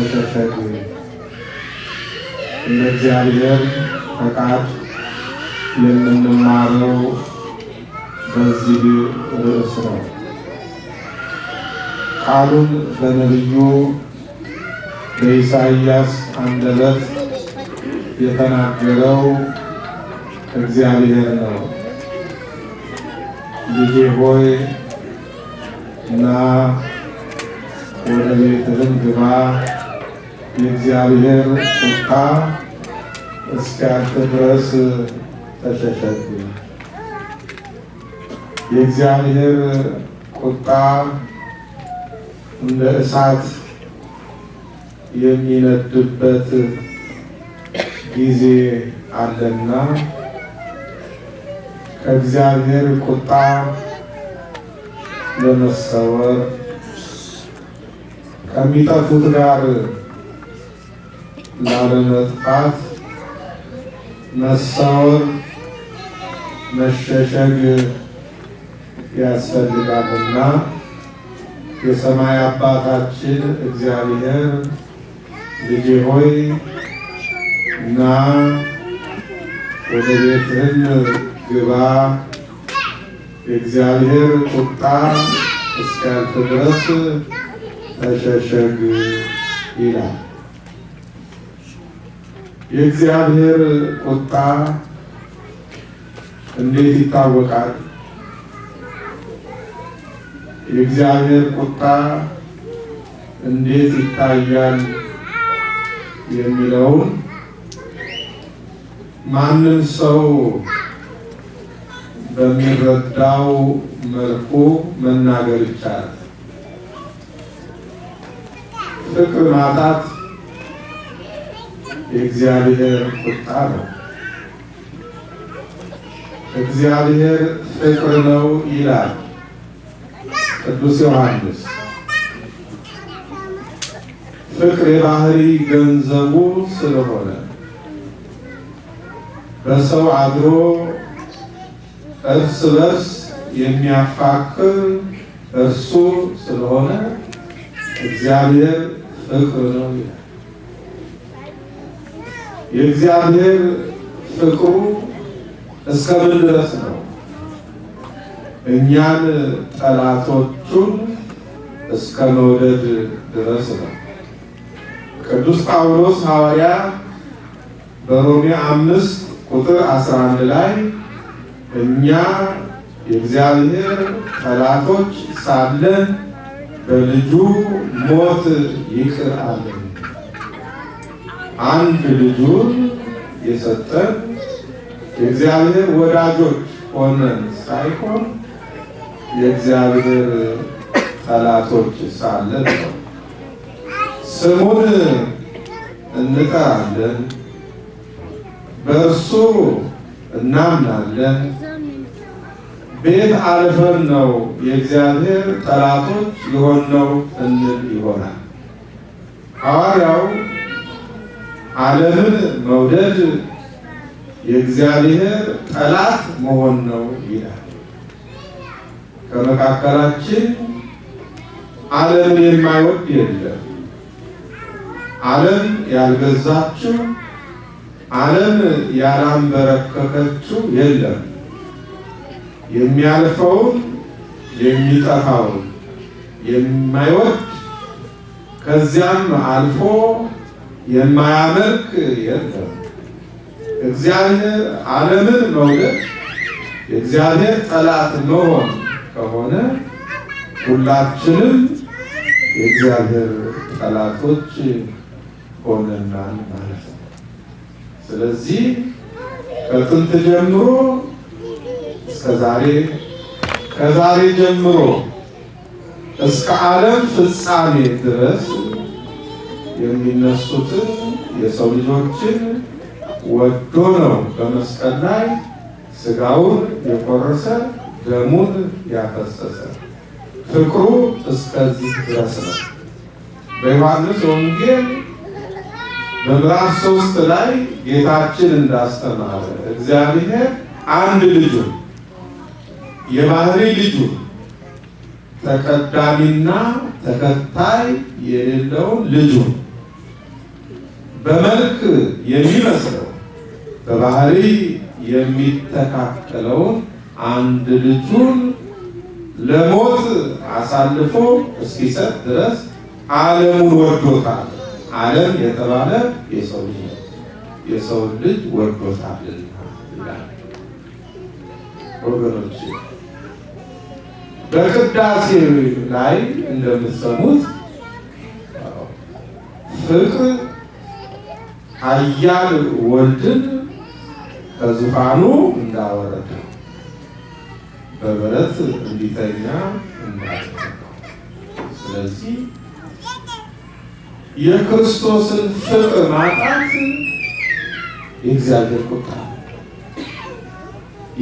ተጨፈቁ። እንደ እግዚአብሔር ፈቃድ የምንማረው በዚህ ርዕስ ነው። ቃሉን በነቢዩ በኢሳይያስ አንደበት የተናገረው እግዚአብሔር ነው። ልጄ ሆይ እና ወደ ቤትህም ግባ የእግዚአብሔር ቁጣ እስኪያልቅ ድረስ ተሸሸግኩኝ። የእግዚአብሔር ቁጣ እንደ እሳት የሚነድበት ጊዜ አለና ከእግዚአብሔር ቁጣ ለመሰወር ከሚጠፉት ጋር ላለመጥፋት መሰወር መሸሸግ ያስፈልጋልና የሰማይ አባታችን እግዚአብሔር ልጄ ሆይ እና ወደ ቤትህን ግባ፣ የእግዚአብሔር ቁጣ እስኪያልፍ ድረስ ተሸሸግ ይላል። የእግዚአብሔር ቁጣ እንዴት ይታወቃል? የእግዚአብሔር ቁጣ እንዴት ይታያል? የሚለውን ማንም ሰው በሚረዳው መልኩ መናገር ይቻላል። ፍቅር ማጣት የእግዚአብሔር ቁጣ ነው። እግዚአብሔር ፍቅር ነው ይላል ቅዱስ ዮሐንስ። ፍቅር የባህሪ ገንዘቡ ስለሆነ በሰው አድሮ እርስ በርስ የሚያፋቅር እርሱ ስለሆነ እግዚአብሔር ፍቅር ነው ይላል። የእግዚአብሔር ፍቅሩ እስከ ምን ድረስ ነው? እኛን ጠላቶቹን እስከ መውደድ ድረስ ነው። ቅዱስ ጳውሎስ ሐዋርያ በሮሜ አምስት ቁጥር 11 ላይ እኛ የእግዚአብሔር ጠላቶች ሳለን በልጁ ሞት ይቅር አለን። አንድ ልጁን የሰጠን የእግዚአብሔር ወዳጆች ሆነን ሳይሆን የእግዚአብሔር ጠላቶች ሳለን ነው። ስሙን እንጠራለን፣ በእርሱ እናምናለን። ቤት አልፈን ነው የእግዚአብሔር ጠላቶች የሆነው እንል ይሆናል ሐዋርያው ዓለምን መውደድ የእግዚአብሔር ጠላት መሆን ነው ይላል። ከመካከላችን ዓለምን የማይወድ የለም። ዓለም ያልገዛችው ዓለም ያላንበረከከችው የለም። የሚያልፈውን የሚጠፋውን የማይወድ ከዚያም አልፎ የማያመልክ የለም። እግዚአብሔር ዓለምን መውደድ የእግዚአብሔር ጠላት መሆን ከሆነ ሁላችንም የእግዚአብሔር ጠላቶች ሆነናል ማለት ነው። ስለዚህ ከጥንት ጀምሮ እስከ ዛሬ ከዛሬ ጀምሮ እስከ ዓለም ፍጻሜ ድረስ የሚነሱትን የሰው ልጆችን ወዶ ነው በመስቀል ላይ ስጋውን የቆረሰ ደሙን ያፈሰሰ። ፍቅሩ እስከዚህ ድረስ ነው። በዮሐንስ ወንጌል በምዕራፍ ሶስት ላይ ጌታችን እንዳስተማረ እግዚአብሔር አንድ ልጁ የባህሪ ልጁ ተቀዳሚና ተከታይ የሌለውን ልጁ በመልክ የሚመስለው በባህሪ የሚተካከለውን አንድ ልጁን ለሞት አሳልፎ እስኪሰጥ ድረስ ዓለሙን ወዶታል። ዓለም የተባለ የሰው ልጅ ነው። የሰው ልጅ ወዶታል ወገኖች በቅዳሴ ላይ እንደምትሰሙት ፍቅር ኃያል ወልድን ከዙፋኑ እንዳወረደ በበረት እንዲተኛ እንዳደረገው። ስለዚህ የክርስቶስን ፍቅር ማጣት የእግዚአብሔር ቁጣ፣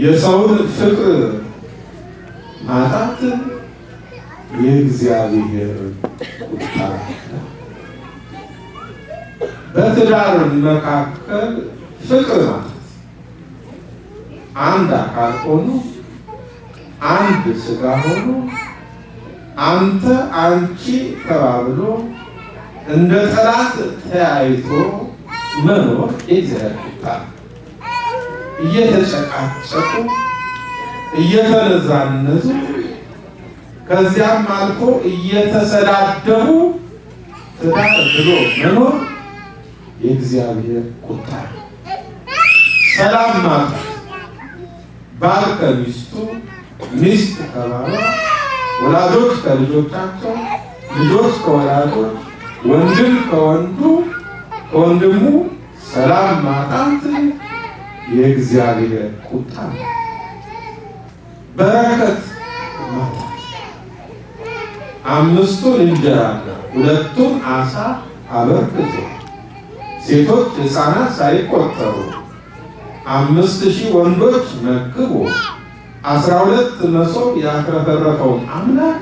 የሰውን ፍቅር ማጣት የእግዚአብሔር ቁጣ በትዳር መካከል ፍቅር ማለት አንድ አካል ሆኖ አንድ ስጋ ሆኖ አንተ አንቺ ተባብሎ እንደ ጠላት ተያይቶ መኖር የዘርታ እየተጨቃጨቁ እየተነዛነዙ ከዚያም አልፎ እየተሰዳደቡ ትዳር ብሎ መኖር የእግዚአብሔር ቁጣ ሰላም ማታ ባል ከሚስቱ ሚስት ከባሏ ወላጆች ከልጆቻቸው ልጆች ከወላጆች ወንድም ከወንዱ ከወንድሙ ሰላም ማጣት የእግዚአብሔር ቁጣ በረከት ማጣት አምስቱን እንጀራና ሁለቱን አሳ አበርክቶ ሴቶች ሕፃናት ሳይቆጠሩ አምስት ሺህ ወንዶች መክቦ አስራ ሁለት መሶብ ያትረፈረፈውን አምላክ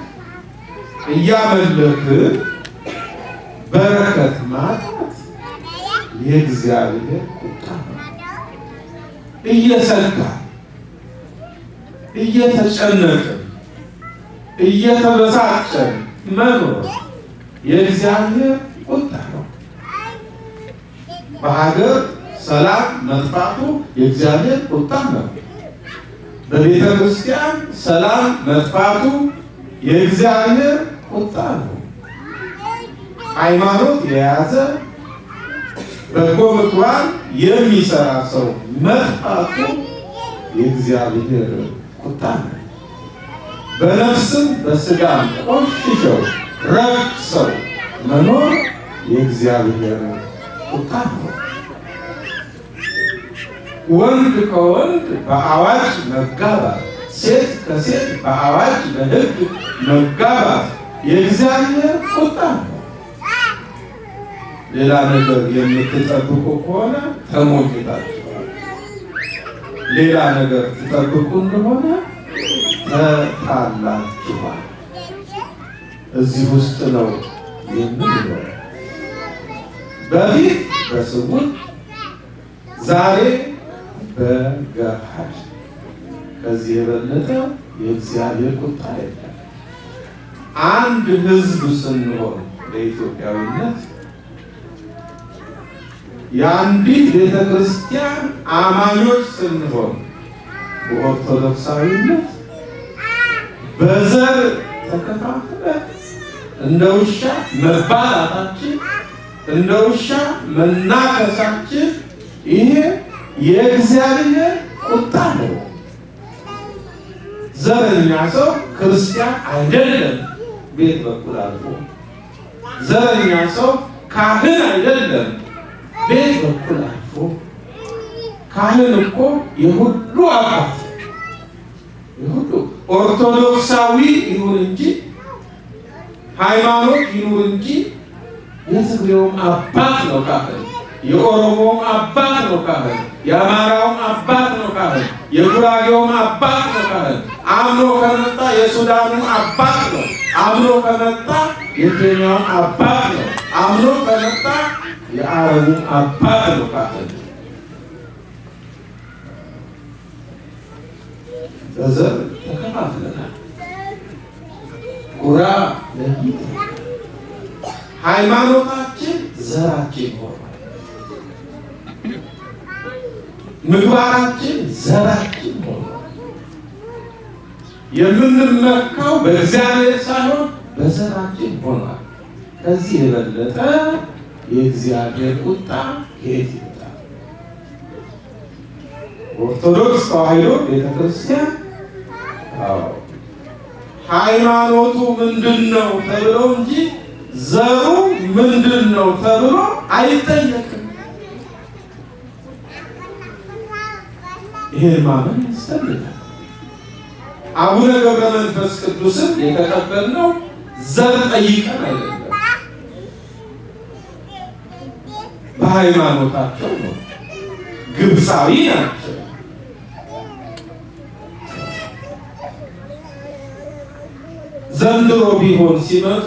እያመለክ በረከት ማጣት የእግዚአብሔር ቁጣ ነው። እየሰጋ እየተጨነቅን እየተበሳጨን መኖር የእግዚአብሔር በሀገር ሰላም መጥፋቱ የእግዚአብሔር ቁጣ ነው። በቤተ ክርስቲያን ሰላም መጥፋቱ የእግዚአብሔር ቁጣ ነው። ሃይማኖት የያዘ በጎ ምግባር የሚሰራ ሰው መጥፋቱ የእግዚአብሔር ቁጣ ነው። በነፍስም በስጋም ቆሽሸው ረክሰው መኖር የእግዚአብሔር ቁጣ ነው። ወንድ ከወንድ በአዋጅ መጋባት፣ ሴት ከሴት በአዋጅ በሕግ መጋባት የእግዚአብሔር ቁጣ ነው። ሌላ ነገር የምትጠብቁ ከሆነ ተሞኝታችኋል። ሌላ ነገር ትጠብቁ እንደሆነ ተታላችኋል እዚህ ውስጥ ነው የምንለው በፊት በስውር ዛሬ በገሃድ ከዚህ የበለጠ የእግዚአብሔር ቁጣ የለም። አንድ ህዝብ ስንሆን ለኢትዮጵያዊነት የአንዲት ቤተ ክርስቲያን አማኞች ስንሆን በኦርቶዶክሳዊነት በዘር ተከፋፍለን እንደ ውሻ መባላታችን እንደ ውሻ መናከሳችን ይሄ የእግዚአብሔር ቁጣ ነው። ዘረኛ ሰው ክርስቲያን አይደለም፣ ቤት በኩል አልፎ ዘረኛ ሰው ካህን አይደለም፣ ቤት በኩል አልፎ ካህን እኮ የሁሉ አባት የሁሉ ኦርቶዶክሳዊ ይሁን እንጂ ሃይማኖት ይኑር እንጂ የትግሬውም አባት ነው ካህን፣ የኦሮሞውም አባት ነው ካህን፣ የአማራውም አባት ነው ካህን፣ የጉራጌውም አባት ነው ካህን። አምኖ ከመጣ የሱዳኑ አባት ነው። አምኖ ከመጣ የኬንያውም አባት ነው። አምኖ ከመጣ የአረቡ አባት ነው ካህን። በዘር ተከፋፍለናል። ጉራ ለይት ሃይማኖታችን ዘራችን ሆነ፣ ምግባራችን ዘራችን ሆነ። የምንመካው በእግዚአብሔር ሳይሆን በዘራችን ሆኗል። ከዚህ የበለጠ የእግዚአብሔር ቁጣ ከየት ይመጣል? ኦርቶዶክስ ተዋሕዶ ቤተክርስቲያን ሃይማኖቱ ምንድን ነው ተብለው እንጂ ዘሩ ምንድን ነው ተብሎ አይጠየቅም። ይሄ ማመን ያስፈልጋል። አቡነ ገብረ መንፈስ ቅዱስን የተቀበልነው ዘር ጠይቀን አይደለም፣ በሃይማኖታቸው ነው። ግብፃዊ ናቸው። ዘንድሮ ቢሆን ሲመጡ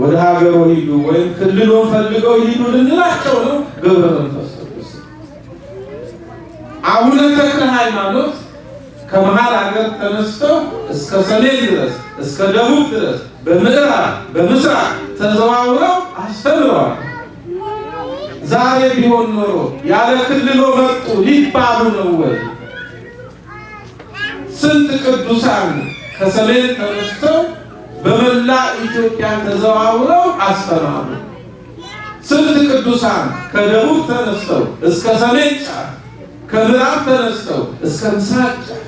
ወደ ሀገሩ ሂዱ ወይም ክልሉን ፈልገው ሂዱ ልንላቸው ነው። ገብረ መንፈስ ቅዱስ አቡነ ተክለ ሃይማኖት ከመሀል ሀገር ተነስተው እስከ ሰሜን ድረስ እስከ ደቡብ ድረስ በምዕራብ በምስራቅ ተዘዋውረው አስተምረዋል። ዛሬ ቢሆን ኖሮ ያለ ክልሎ መጡ ሊባሉ ነው ወይ? ስንት ቅዱሳን ከሰሜን ተነስተው በመላ ኢትዮጵያ ተዘዋውረው አስተማሩ። ስንት ቅዱሳን ከደቡብ ተነስተው እስከ ሰሜን ጫፍ፣ ከምዕራብ ተነስተው እስከ ምስራቅ ጫፍ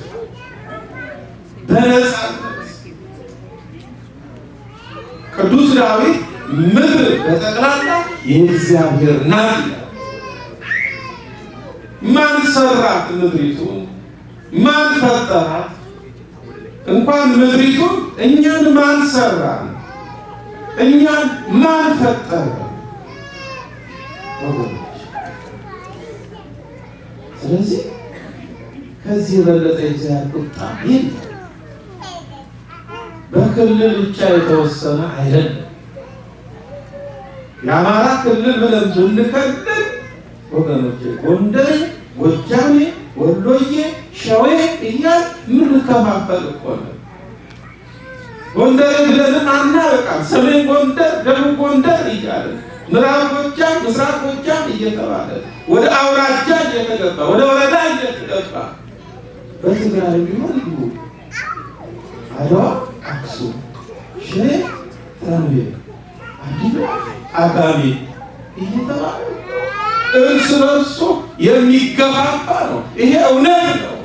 በነጻነት ቅዱስ ዳዊት ምድር በጠቅላላ የእግዚአብሔር ናት። ማን ሰራት ምድሪቱ? ማን ፈጠራት? እንኳን ምድሪቱን እኛን ማን ሰራ? እኛን ማን ፈጠረ? ስለዚህ ከዚህ የበለጠ የእግዚአብሔር ቁጣ በክልል ብቻ የተወሰነ አይደለም። የአማራ ክልል ብለን ብንከልል ወገኖች ጎንደሬ፣ ጎጃሜ፣ ወሎዬ ሸዌ እያል የምንከፋፈል እኮ ነው። ጎንደር ብለንም አናበቃም። ሰሜን ጎንደር፣ ደቡብ ጎንደር እያለ ምዕራብ ጎጃም፣ ምስራቅ ጎጃም እየተባለ ወደ አውራጃ እየተገባ ወደ ወረዳ እየተገባ በትግራይ ቢሆን ይሁ አድዋ፣ አክሱም፣ ሽሬ፣ ተንቤ፣ አዲግራ፣ አዳሜ እየተባለ እርስ በርሱ የሚገፋፋ ነው። ይሄ እውነት ነው።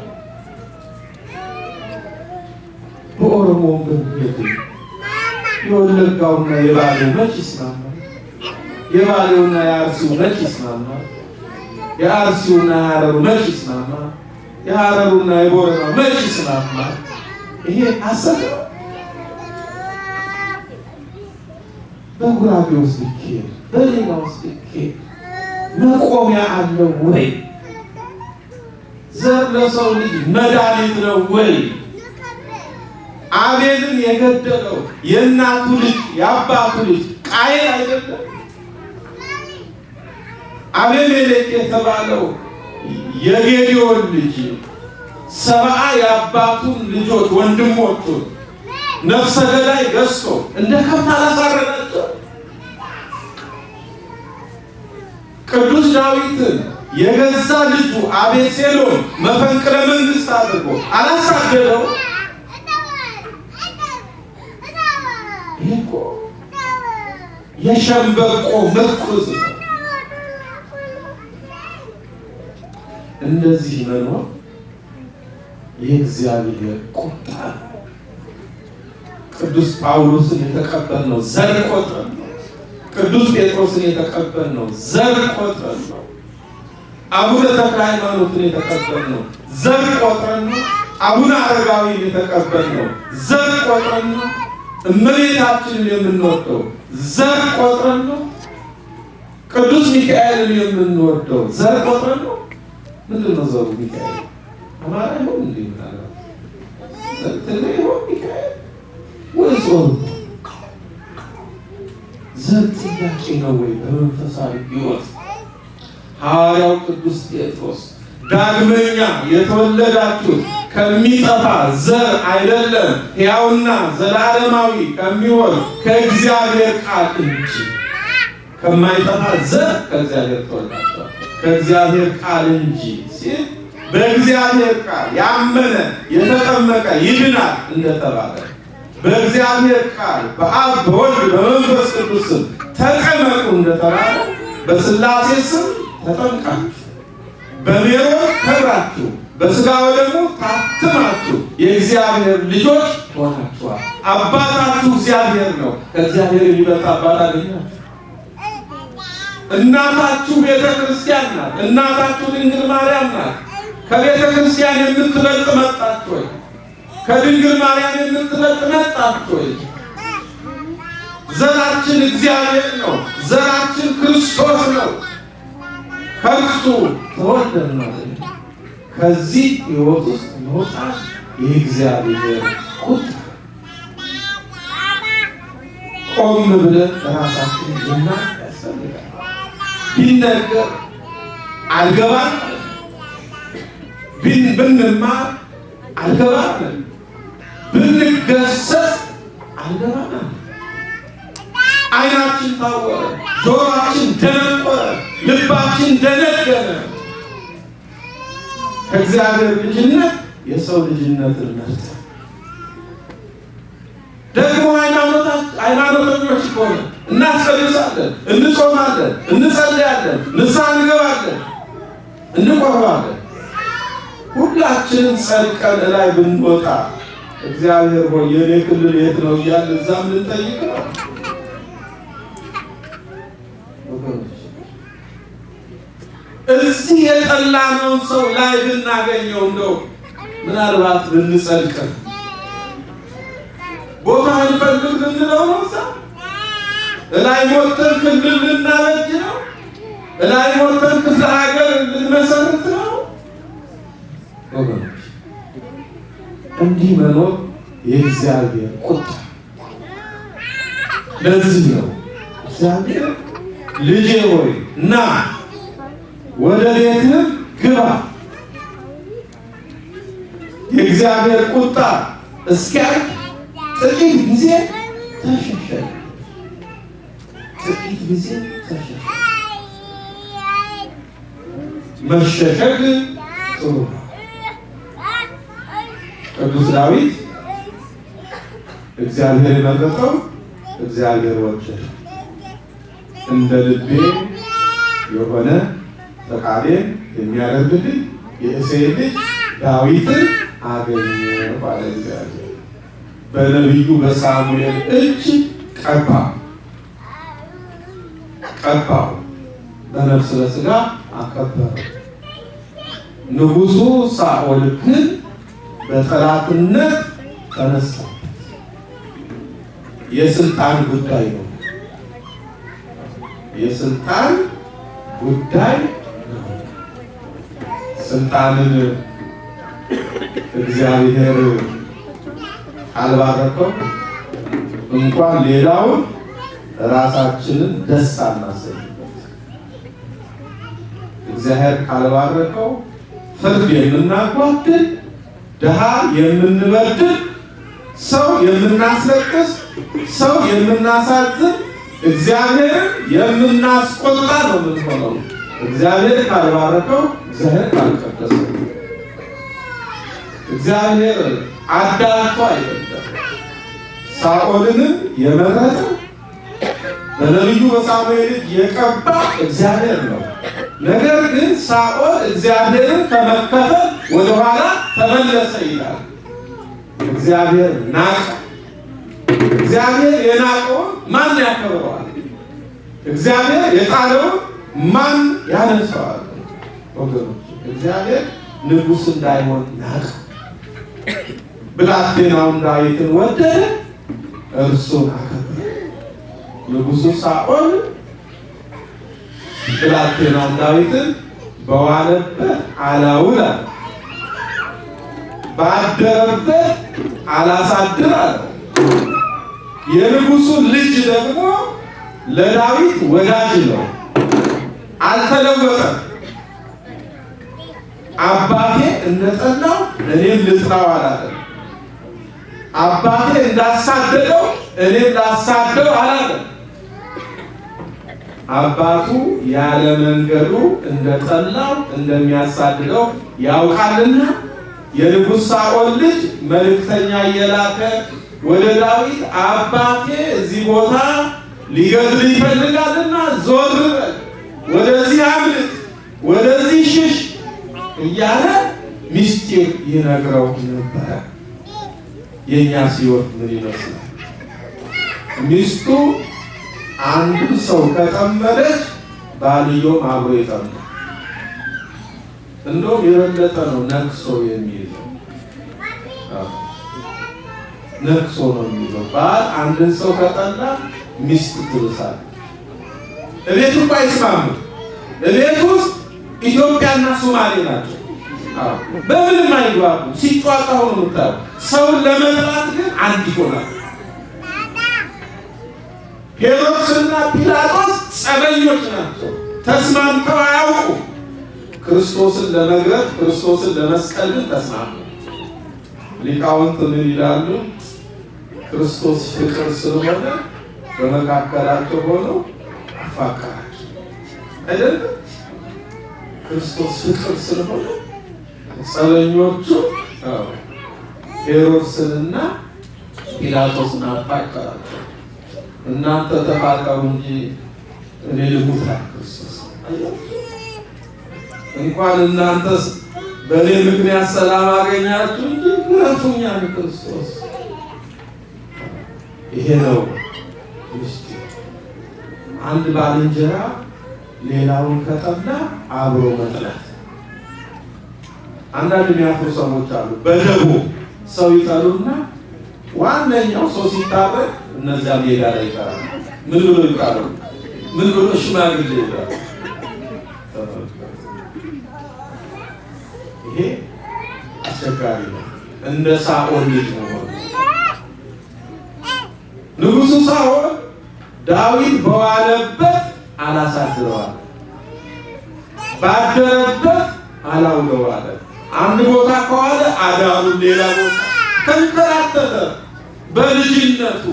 የኦሮሞውን ብሄድ የወለጋውና የባሌው መች ይስማማል? የባሌውና የአርሲው መች ይስማማል? የአርሲውና የሀረሩ መች ይስማማል? የሀረሩና የቦረናው መች ይስማማል? ይሄ አሰብ በጉራጌ ውስጥ ይኬድ፣ በሌላ ውስጥ ይኬድ መቆሚያ አለው ወይ? ዘር ለሰው ልጅ መድኃኒት ነው ወይ? አቤልን የገደለው የእናቱ ልጅ የአባቱ ልጅ ቃይል አይደለም። አቤሜሌክ የተባለው የጌዲዮን ልጅ ሰብአ የአባቱን ልጆች ወንድሞቹን ነፍሰ ገዳይ ገዝቶ እንደ ከብት አላሳረናቸው። ቅዱስ ዳዊትን የገዛ ልጁ አቤሴሎም መፈንቅለ መንግስት አድርጎ አላሳደደው። ይቆ የሸንበቆ ምርኩዝ ነው። እንደዚህ መኖር የእግዚአብሔር ቁጣ ነው። ቅዱስ ጳውሎስን የተቀበልነው ዘር ቆጥረን ነው። ቅዱስ ጴጥሮስን የተቀበልነው ዘር ቆጥረን ነው። አቡነ ተክለ ሃይማኖትን የተቀበልነው ዘር ቆጥረን ነው። አቡነ አረጋዊን የተቀበልነው ዘር ቆጥረን ነው። እመቤታችንን የምንወደው ዘር ቆጥረን ነው? ቅዱስ ሚካኤልን የምንወደው ዘር ቆጥረን ነው? ምንድን ነው ዘሩ? ሚካኤል አማራ ይሆን እንዴ? ምናልባት ትግሬ ሚካኤል ወይስ ኦሮሞ? ዘር ጥያቄ ነው ወይ በመንፈሳዊ ሕይወት? ሐዋርያው ቅዱስ ጴጥሮስ ዳግመኛ የተወለዳችሁት ከሚጠፋ ዘር አይደለም፣ ሕያውና ዘላለማዊ ከሚሆን ከእግዚአብሔር ቃል እንጂ ከማይጠፋ ዘር ከእግዚአብሔር ተወልዳቸዋል ከእግዚአብሔር ቃል እንጂ ሲል በእግዚአብሔር ቃል ያመነ የተጠመቀ ይድናል እንደተባለ በእግዚአብሔር ቃል በአብ በወልድ በመንፈስ ቅዱስ ስም ተጠመቁ እንደተባለ በስላሴ ስም ተጠምቃችሁ በሜሮን ከብራችሁ በስጋው ደግሞ ታትማችሁ የእግዚአብሔር ልጆች ሆናችኋል። አባታችሁ እግዚአብሔር ነው። ከእግዚአብሔር የሚበልጥ አባት አገኛችሁ? እናታችሁ ቤተ ክርስቲያን ናት። እናታችሁ ድንግል ማርያም ናት። ከቤተ ክርስቲያን የምትበልጥ መጣች ወይ? ከድንግል ማርያም የምትበልጥ መጣች ወይ? ዘራችን እግዚአብሔር ነው። ዘራችን ክርስቶስ ነው። ከእርሱ ተወልደን ማለት ነው። ከዚህ ህይወት ውስጥ መውጣ የእግዚአብሔር ቁጣ። ቆም ብለን ራሳችን ልና ያስፈልጋል። ቢነገር አልገባን፣ ብንማር አልገባን፣ ብንገሰጽ አልገባን። ዓይናችን ታወረ፣ ጆሮአችን ደነቆረ፣ ልባችን ደነገረ ከእግዚአብሔር ልጅነት የሰው ልጅነት መርጠ ደግሞ ሃይማኖተኞች ከሆነ እናስፈልሳለን፣ እንጾማለን፣ እንጸልያለን፣ ንስሐ እንገባለን፣ እንቆርባለን። ሁላችንም ሰልቀን ላይ ብንወጣ እግዚአብሔር ሆይ የኔ ክልል የት ነው እያለ እዛም ልንጠይቅ ነው። እዚህ የጠላነውን ሰው ላይ ብናገኘው እንደው ምናልባት ብንጸድቅ ቦታ እንፈልግ ልንለው ነው። ሰው እላይ ሞተን ክልል ልናበጅ ነው። እላይ ሞተን ክፍለ ሀገር ልንመሰርት ነው። እንዲህ መኖር የእግዚአብሔር ቁጣ። ለዚህ ነው እግዚአብሔር ልጄ ሆይ ና ወደ ቤትህ ግባ። የእግዚአብሔር ቁጣ እስኪያልፍ ጥቂት ጊዜ ተሸሸገ። ጥቂት ጊዜ ተሸሸገ። መሸሸግ ጥሩ ነው። ቅዱስ ዳዊት እግዚአብሔር የመረጠው እግዚአብሔር ወደደ እንደ ልቤ የሆነ ጠቃሜን የሚያደርግልኝ የእሴይ ልጅ ዳዊትን አገኘ ባለ እግዚአብሔር በነቢዩ በሳሙኤል እጅ ቀባ ቀባው በነፍስ በስጋ አከበረው። ንጉሱ ሳኦል ግን በጠላትነት ተነሳ። የስልጣን ጉዳይ ነው። የስልጣን ጉዳይ ስልጣንን እግዚአብሔር አልባረከው እንኳን ሌላውን ራሳችንን ደስ አናሰኝ። እግዚአብሔር ካልባረከው ፍርድ የምናጓድል፣ ድሃ የምንበድል፣ ሰው የምናስለቅስ፣ ሰው የምናሳዝን፣ እግዚአብሔርን የምናስቆጣ ነው የምንሆነው። እግዚአብሔር ካልባረከው እግዚአብሔር ካልቀደሰው እግዚአብሔር አዳቶ አይደለም። ሳኦልን የመረጠ በነቢዩ በሳሙኤል ልጅ የቀባ እግዚአብሔር ነው። ነገር ግን ሳኦል እግዚአብሔርን ከመከተል ወደኋላ ተመለሰ ይላል። እግዚአብሔር ናቀ። እግዚአብሔር የናቀውን ማን ያከብረዋል? እግዚአብሔር የጣለውን ማን ያነሳዋል? ወገኖች እግዚአብሔር ንጉስ እንዳይሆን ያቅ ብላቴናውን ዳዊትን ወደደ፣ እርሱን አከበረ። ንጉሱ ሳኦል ብላቴናውን ዳዊትን በዋለበት አላውላ ባደረበት አላሳድር አለ። ልጅ ደግሞ ለዳዊት ወዳጅ ነው። አልተለወጠም። አባቴ እንደጠላው እኔም ልጥላው አላለም። አባቴ እንዳሳደደው እኔም ላሳደው አላለም። አባቱ ያለ መንገዱ እንደጠላው እንደሚያሳድደው ያውቃልና የንጉሥ ሳኦል ልጅ መልእክተኛ እየላከ ወደ ዳዊት አባቴ እዚህ ቦታ ሊገድል ይፈልጋልና ዞር እያለ ሚስጢር ይነግረው ነበረ። የእኛ ሲወት ምን ይመስላል? ሚስቱ አንዱ ሰው ከጠመደች ባልዮም አብሮ ይጠመ እንደውም የበለጠ ነው ነቅሶ የሚይዘው ነቅሶ ነው የሚይዘው። ባል አንድን ሰው ከጠላ ሚስት ትብሳል። እቤቱ እኮ አይስማሙ። እቤት ውስጥ ኢትዮጵያና ሶማሌ ናቸው። በምንም አይግባቡ ሲጧጣሁ ነው የምታየው። ሰውን ለመጥላት ግን አንድ ይሆናል። ሄሮድስና ፒላጦስ ጸበኞች ናቸው፣ ተስማምተው አያውቁም። ክርስቶስን ለመግረፍ ክርስቶስን ለመስቀል ግን ተስማሙ። ሊቃውንት ምን ይላሉ? ክርስቶስ ፍቅር ስለሆነ በመካከላቸው ሆነው አፋቀራቸው አይደለም። ክርስቶስ ፍቅር ስለሆነ ጸበኞቹ ሄሮድስንና ጲላጦስን አፋቀራቸው። እናንተ ተፋቀሩ እንጂ እኔ ልሙት ክርስቶስ። እንኳን በእኔ ምክንያት ሰላም አገኛችሁ እንጂ ክርስቶስ። ይሄ ነው አንድ ባልንጀራ ሌላውን ከጠላ አብሮ መጥላት አንዳንድ የሚያፍሩ ሰዎች አሉ። በደቡ ሰው ይጠሉና ዋነኛው ሰው ሲታረቅ እነዚያ ሜዳ ላይ ይቀራል። ምን ብሎ ይጣላል? ምን ብሎ ሽማግሌ ይላል? ይሄ አስቸጋሪ ነው። እንደ ሳኦል ልጅ ነው። ንጉሱ ሳኦል ዳዊት በዋለበት አላሳድረዋል፣ ባደረበት አላውለዋለት አንድ ቦታ ከዋለ አዳሩን ሌላ ቦታ ተንከራተተ በልጅነቱ።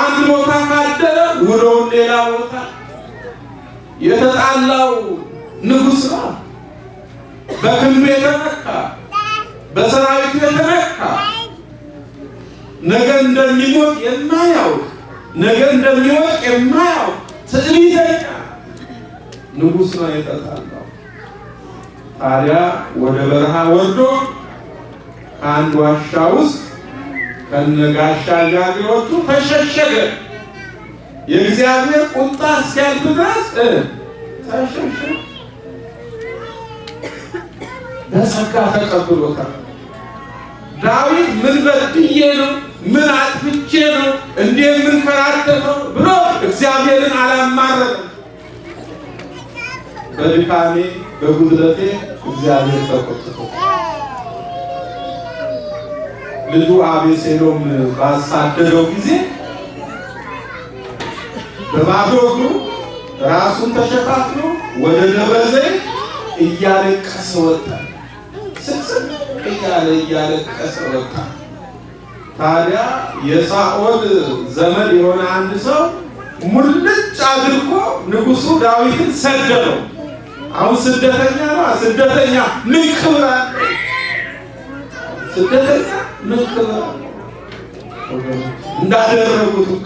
አንድ ቦታ ካደረ ውሎውን ሌላ ቦታ። የተጣላው ንጉሥ ነው። በክንዱ የተመካ በሰራዊቱ የተመካ ነገ እንደሚሞት የማያውቅ ነገ እንደሚወቅ የማያውቅ ትዕቢተኛ ንጉሥ ነው የተጣላው። ታዲያ ወደ በረሃ ወርዶ ከአንድ ዋሻ ውስጥ ከነጋሻ ጃግሬዎቹ ተሸሸገ። የእግዚአብሔር ቁጣ እስኪያልፍ ድረስ ተሸሸ። በጸጋ ተቀብሎታል። ዳዊት ምን በድዬ ነው? ምን አጥፍቼ ነው? እንዴ ምን ከራተተው ብሎ እግዚአብሔርን አላማረም። በድካሜ በጉድለቴ እግዚአብሔር ተቆጥቶ ልጁ አቤሴሎም ባሳደደው ጊዜ በባዶ እግሩ ራሱን ተሸፋፍኖ ወደ ደብረ ዘይት እያለቀሰ ወጣ። ስቅስቅ እያለ እያለቀሰ ወጣ። ታዲያ የሳኦል ዘመን የሆነ አንድ ሰው ሙልጭ አድርጎ ንጉሱ ዳዊትን ሰደደው። አሁን ስደተኛ ነው። ስደተኛ ምን ክብር አለ? ስደተኛ ምን ክብር እንዳደረጉት